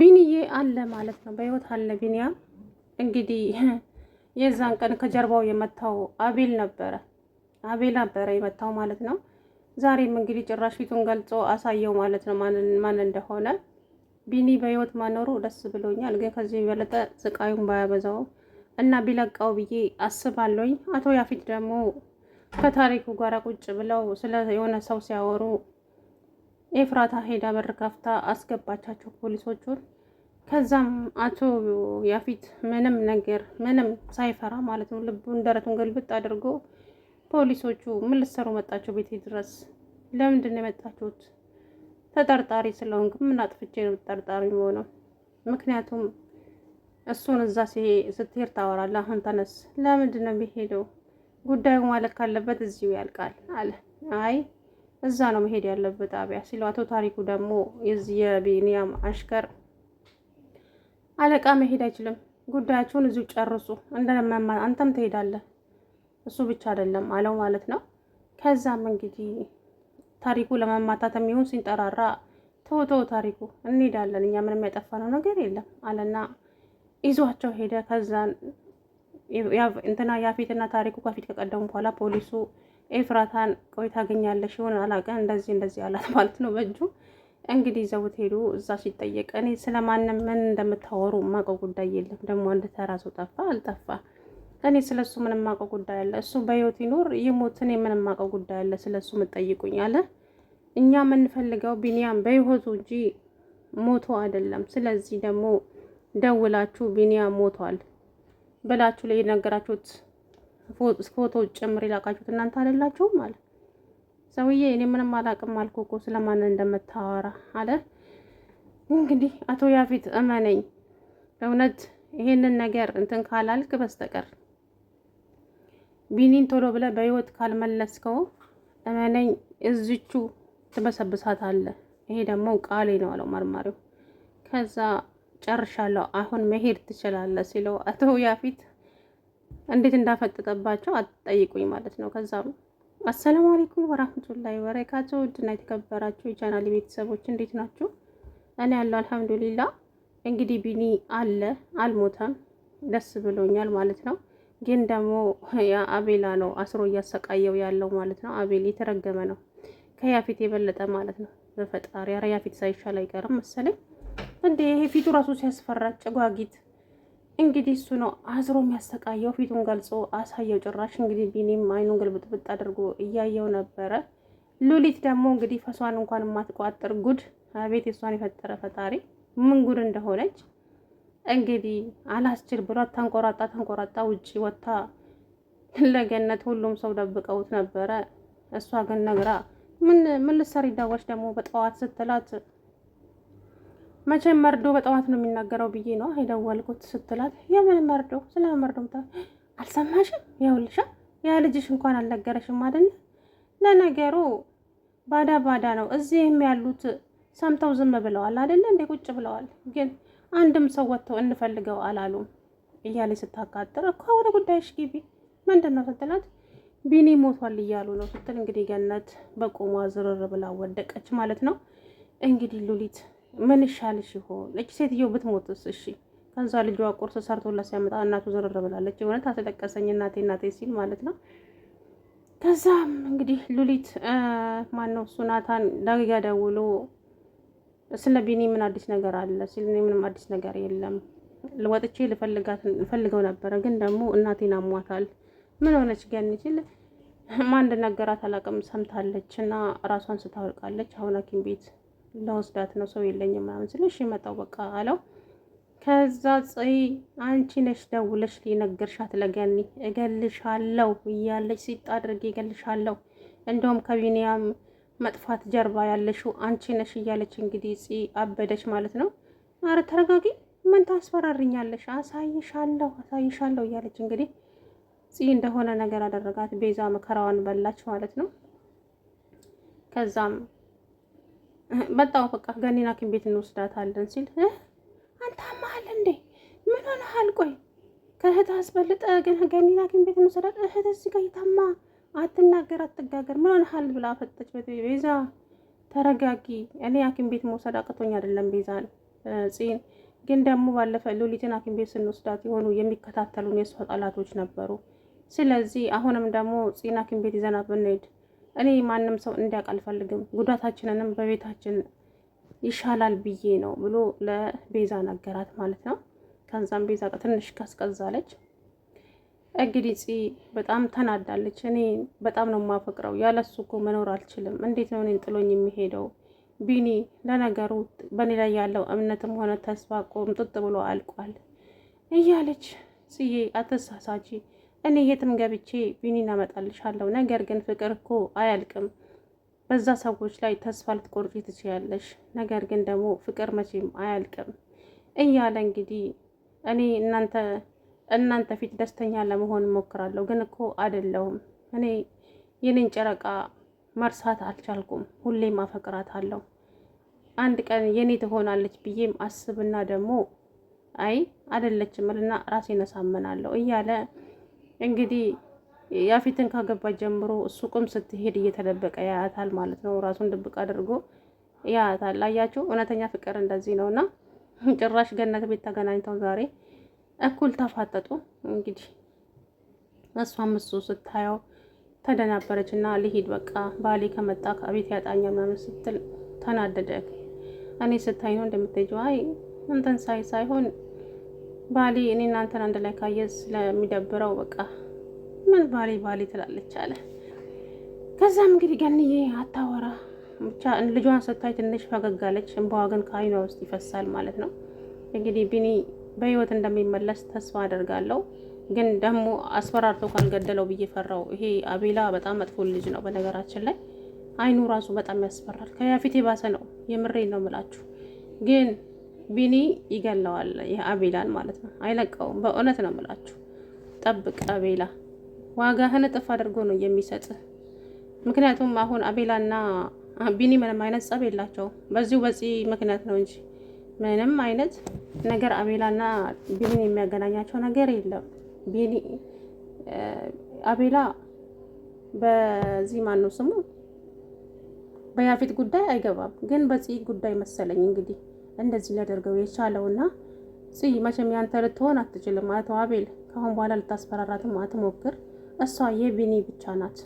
ቢንዬ አለ ማለት ነው። በህይወት አለ ቢንያም። እንግዲህ የዛን ቀን ከጀርባው የመታው አቤል ነበረ አቤል ነበረ የመታው ማለት ነው። ዛሬም እንግዲህ ጭራሽ ፊቱን ገልጾ አሳየው ማለት ነው ማን እንደሆነ። ቢኒ በህይወት ማኖሩ ደስ ብሎኛል፣ ግን ከዚህ የበለጠ ስቃዩን ባያበዛው እና ቢለቃው ብዬ አስባለሁኝ። አቶ ያፊት ደግሞ ከታሪኩ ጋር ቁጭ ብለው ስለ የሆነ ሰው ሲያወሩ ኤፍራታ ሄዳ በር ከፍታ አስገባቻቸው ፖሊሶቹን። ከዛም አቶ ያፊት ምንም ነገር ምንም ሳይፈራ ማለት ነው ልቡን ደረቱን ገልብጥ አድርጎ ፖሊሶቹ ምን ልትሰሩ መጣቸው? ቤቴ ድረስ ለምንድን ነው የመጣችሁት? ተጠርጣሪ ስለሆንኩ ምን አጥፍቼ ነው ተጠርጣሪ የሆነው? ምክንያቱም እሱን እዛ ስትሄድ ታወራለህ። አሁን ተነስ። ለምንድን ነው የሚሄደው? ጉዳዩ ማለት ካለበት እዚሁ ያልቃል አለ። አይ እዛ ነው መሄድ ያለበት ጣቢያ ሲለው፣ አቶ ታሪኩ ደግሞ የዚህ የቢኒያም አሽከር አለቃ መሄድ አይችልም፣ ጉዳያችሁን እዚሁ ጨርሱ፣ እንደመማ አንተም ትሄዳለህ፣ እሱ ብቻ አይደለም አለው ማለት ነው። ከዛም እንግዲህ ታሪኩ ለመማታት የሚሆን ሲንጠራራ ተወተው ታሪኩ እንሄዳለን፣ እኛ ምንም ያጠፋነው ነገር የለም አለና ይዟቸው ሄደ። ከዛን እንትና ያፌትና ታሪኩ ከፊት ከቀደሙ በኋላ ፖሊሱ ኤፍራታን ቆይ ታገኛለሽ ይሆን አላቀ እንደዚህ እንደዚህ አላት ማለት ነው። በእጁ እንግዲህ ዘውት ሄዱ። እዛ ሲጠየቅ እኔ ስለማንም ምን እንደምታወሩ ማቀው ጉዳይ የለም። ደግሞ አንድ ተራ ሰው ጠፋ አልጠፋ እኔ ስለ እሱ ምንም ማቀው ጉዳይ አለ። እሱ በህይወት ይኖር ይሞት እኔ ምንም ማቀው ጉዳይ አለ። ስለ እሱ ምጠይቁኝ አለ። እኛ የምንፈልገው ቢኒያም በህይወቱ እንጂ ሞቶ አይደለም። ስለዚህ ደግሞ ደውላችሁ ቢኒያም ሞቷል ብላችሁ ላይ የነገራችሁት ፎቶ ጭምር የላካችሁት እናንተ አይደላችሁም አለ ሰውዬ። እኔ ምንም አላቅም አልኩ እኮ ስለማን እንደምታወራ አለ። እንግዲህ አቶ ያፌት እመነኝ፣ እውነት ይሄንን ነገር እንትን ካላልክ በስተቀር ቢኒን ቶሎ ብለህ በህይወት ካልመለስከው እመነኝ እዝቹ አለ። ይሄ ደግሞ ቃሌ ነው አለው መርማሪው። ከዛ ጨርሻለሁ፣ አሁን መሄድ ትችላለህ ሲለው አቶ ያፌት እንዴት እንዳፈጠጠባቸው አትጠይቁኝ ማለት ነው። ከዛ አሰላሙ አለይኩም ወራህመቱላሂ ወበረካቱ ውድና የተከበራችሁ የቻናል ቤተሰቦች እንዴት ናችሁ? እኔ ያለው አልሐምዱሊላ። እንግዲህ ቢኒ አለ አልሞተም፣ ደስ ብሎኛል ማለት ነው። ግን ደግሞ አቤላ ነው አስሮ እያሰቃየው ያለው ማለት ነው። አቤል የተረገመ ነው ከያፊት የበለጠ ማለት ነው። በፈጣሪ ኧረ ያፊት ሳይሻል አይቀርም መሰለኝ እንዴ! ይሄ ፊቱ ራሱ ሲያስፈራ ጭጓጊት እንግዲህ እሱ ነው አዝሮ የሚያሰቃየው። ፊቱን ገልጾ አሳየው። ጭራሽ እንግዲህ ቢኒም አይኑን ግልብጥብጥ አድርጎ እያየው ነበረ። ሉሊት ደግሞ እንግዲህ ፈሷን እንኳን የማትቋጥር ጉድ፣ ቤት የእሷን የፈጠረ ፈጣሪ ምን ጉድ እንደሆነች እንግዲህ አላስችል ብሏት ተንቆራጣ ተንቆራጣ ውጭ ወጥታ ለገነት ሁሉም ሰው ደብቀውት ነበረ። እሷ ግን ነግራ ምን ምን ልትሰሪ ደወልሽ ደግሞ በጠዋት ስትላት መቼም መርዶ በጠዋት ነው የሚናገረው ብዬ ነው የደወልኩት ስትላት፣ የምን መርዶ ስለ መርዶ አልሰማሽም? ይኸውልሻ ያ ልጅሽ እንኳን አልነገረሽም አይደለ? ለነገሩ ባዳ ባዳ ነው። እዚህም ያሉት ሰምተው ዝም ብለዋል አይደለ? እንደ ቁጭ ብለዋል፣ ግን አንድም ሰው ወጥተው እንፈልገው አላሉም እያለች ስታቃጥር፣ እኮ ወደ ጉዳይሽ ግቢ ምንድን ነው ስትላት፣ ቢኒ ሞቷል እያሉ ነው ስትል፣ እንግዲህ ገነት በቆሟ ዝርር ብላ ወደቀች ማለት ነው እንግዲህ ሉሊት ምን ይሻልሽ ይሆን? እች ሴትዮ ብትሞትስ? እሺ ከዛ ልጇ ቁርስ ሰርቶላ ሲያመጣ እናቱ ዘረር ብላለች። እውነት አስለቀሰኝ እናቴ እናቴ ሲል ማለት ነው። ከዛም እንግዲህ ሉሊት ማነው እሱ ናታን ዳግጋ ደውሎ ስለ ቢኒ ምን አዲስ ነገር አለ ሲል ምንም አዲስ ነገር የለም ወጥቼ ልፈልገው ነበረ፣ ግን ደግሞ እናቴን አሟታል። ምን ሆነች ገን ሲል ማን እንደነገራት አላውቅም፣ ሰምታለች እና ራሷን ስታወልቃለች አሁን ሐኪም ቤት ለወስዳት ነው ሰው የለኝም ምናምን ስል እሺ መጣው በቃ አለው። ከዛ ጽይ አንቺ ነሽ ደውለሽ ሊነገርሻት ለገኒ እገልሻለሁ እያለች ሲጥ አድርጌ እገልሻለሁ፣ እንደውም ከቢኒያም መጥፋት ጀርባ ያለሽው አንቺ ነሽ እያለች እንግዲህ ጽይ አበደች ማለት ነው። አረ ተረጋጊ፣ ምን ታስፈራርኛለሽ? አሳይሻለሁ አሳይሻለሁ እያለች እንግዲህ ጽይ እንደሆነ ነገር አደረጋት። ቤዛ መከራዋን በላች ማለት ነው። ከዛም በጣም በቃ ገኒን ሐኪም ቤት እንወስዳታለን ሲል አንተ አማሃል እንዴ? ምን ሆነሃል? ቆይ ከእህት አስበልጠ ገኒን ሐኪም ቤት እንወስዳት እህት እዚህ ጋር ይታማ አትናገር፣ አትጋገር፣ ምን ሆነሃል ብላ ፈጠች። ቤዛ ተረጋጊ፣ እኔ ሐኪም ቤት መውሰድ አቅቶኝ አይደለም ቤዛ ጽን ግን ደግሞ ባለፈ ሉሊትን ሐኪም ቤት ስንወስዳት የሆኑ የሚከታተሉን የእሷ ጠላቶች ነበሩ። ስለዚህ አሁንም ደግሞ ጽን ሐኪም ቤት ይዘናት ብንሄድ እኔ ማንም ሰው እንዲያውቅ አልፈልግም። ጉዳታችንንም በቤታችን ይሻላል ብዬ ነው ብሎ ለቤዛ ነገራት ማለት ነው። ከዛም ቤዛ ትንሽ ካስቀዛለች እንግዲህ ፂ በጣም ተናዳለች። እኔ በጣም ነው የማፈቅረው፣ ያለሱ እኮ መኖር አልችልም። እንዴት ነው እኔን ጥሎኝ የሚሄደው? ቢኒ ለነገሩ በእኔ ላይ ያለው እምነትም ሆነ ተስፋ ቆምጥጥ ብሎ አልቋል እያለች ጽዬ አትሳሳጂ እኔ የትም ገብቼ ቢኒን አመጣልሻለሁ። ነገር ግን ፍቅር እኮ አያልቅም። በዛ ሰዎች ላይ ተስፋ ልትቆርጪ ትችያለሽ። ነገር ግን ደግሞ ፍቅር መቼም አያልቅም እያለ እንግዲህ እኔ እናንተ እናንተ ፊት ደስተኛ ለመሆን እሞክራለሁ፣ ግን እኮ አይደለሁም። እኔ የኔን ጨረቃ መርሳት አልቻልኩም። ሁሌም አፈቅራታለሁ። አንድ ቀን የኔ ትሆናለች ብዬም አስብና ደግሞ አይ አይደለችም እልና ራሴን አሳምናለሁ እያለ እንግዲህ ያፌትን ካገባ ጀምሮ ቁም ስትሄድ እየተደበቀ ያያታል ማለት ነው። ራሱን ድብቅ አድርጎ ያያታል። አያችሁ፣ እውነተኛ ፍቅር እንደዚህ ነው። እና ጭራሽ ገነት ቤት ተገናኝተው ዛሬ እኩል ተፋጠጡ። እንግዲህ እሷም እሱ ስታየው ተደናበረች እና ልሂድ በቃ ባሌ ከመጣ ከቤት ያጣኛ ምናምን ስትል ተናደደ። እኔ ስታይ ነው እንደምትሄጂው? አይ እንትን ሳይ ሳይሆን ባሌ እኔ እናንተን አንድ ላይ ካየ ስለሚደብረው በቃ ምን ባሌ ባሌ ትላለች አለ። ከዛም እንግዲህ ገንዬ አታወራ ብቻ ልጇን ስታይ ትንሽ ፈገግ አለች። እንባዋ ግን ከአይኗ ውስጥ ይፈሳል ማለት ነው። እንግዲህ ቢኒ በህይወት እንደሚመለስ ተስፋ አደርጋለሁ። ግን ደግሞ አስፈራርቶ ካልገደለው ብዬ ፈራው። ይሄ አቤላ በጣም መጥፎ ልጅ ነው። በነገራችን ላይ አይኑ ራሱ በጣም ያስፈራል። ከያፊት የባሰ ነው። የምሬ ነው ምላችሁ ግን ቢኒ ይገለዋል። የአቤላን አቤላን ማለት ነው። አይለቀውም። በእውነት ነው ምላችሁ ጠብቅ አቤላ፣ ዋጋህን እጥፍ አድርጎ ነው የሚሰጥ ምክንያቱም አሁን አቤላና ቢኒ ምንም አይነት ጸብ የላቸውም። በዚሁ በዚህ ምክንያት ነው እንጂ ምንም አይነት ነገር አቤላና ቢኒን የሚያገናኛቸው ነገር የለም። ቢኒ አቤላ በዚህ ማነው ስሙ በያፊት ጉዳይ አይገባም፣ ግን በዚህ ጉዳይ መሰለኝ እንግዲህ እንደዚህ ሊያደርገው የቻለው እና ጽይ መቼም ያንተ ልትሆን አትችልም አቶ አቤል፣ ከአሁን በኋላ ልታስፈራራትም አትሞክር። እሷ የቢኒ ብቻ ናት።